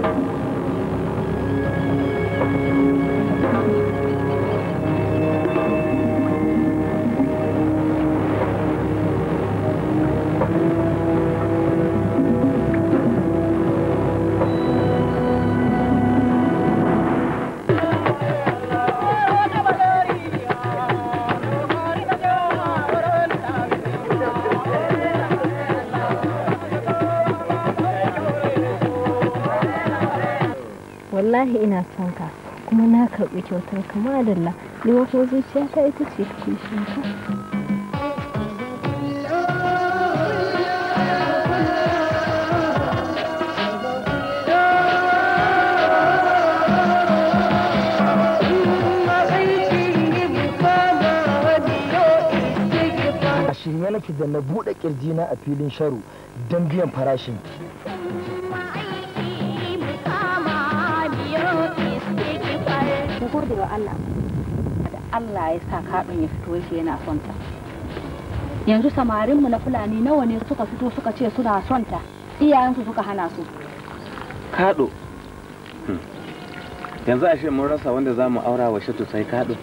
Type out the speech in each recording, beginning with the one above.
Thank you. wallahi ina son ka kuma na karɓi kyautar ka ma madalla ni ma zuciya ta ita ce kishin ka shirye nake da na buɗe na a filin sharu don biyan farashin ko daga Allah da Allah ya sa kaɗin ya fito shi yana son ta yanzu samarinmu na fulani nawa ne suka fito suka ce suna son ta iyayensu suka hana su kaɗo hmm. yanzu ashe mun rasa wanda za mu aura wa shatu sai kaɗo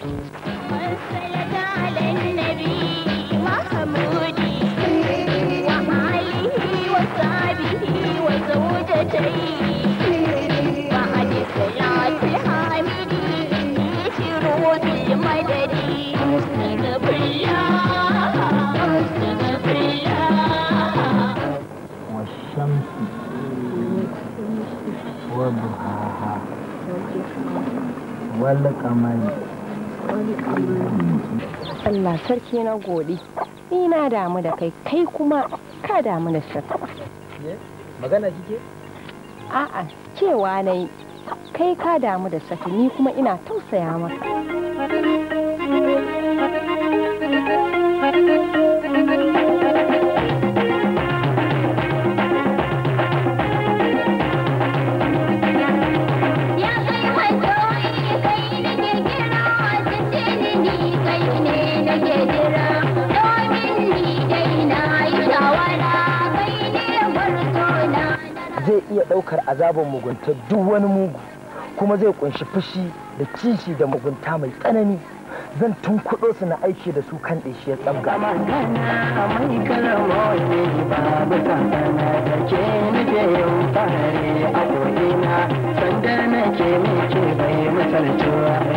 Allah sarki na gode ni na damu da kai kai kuma ka damu da sa magana kike a'a cewa na yi. kai ka damu da saki ni kuma ina tausaya maka zai iya ɗaukar azabar mugunta duk wani mugu kuma zai kunshi fushi da kishi da mugunta mai tsanani zan tun kuɗo su na aiki da su kan shi ya tsabga. Sanda nake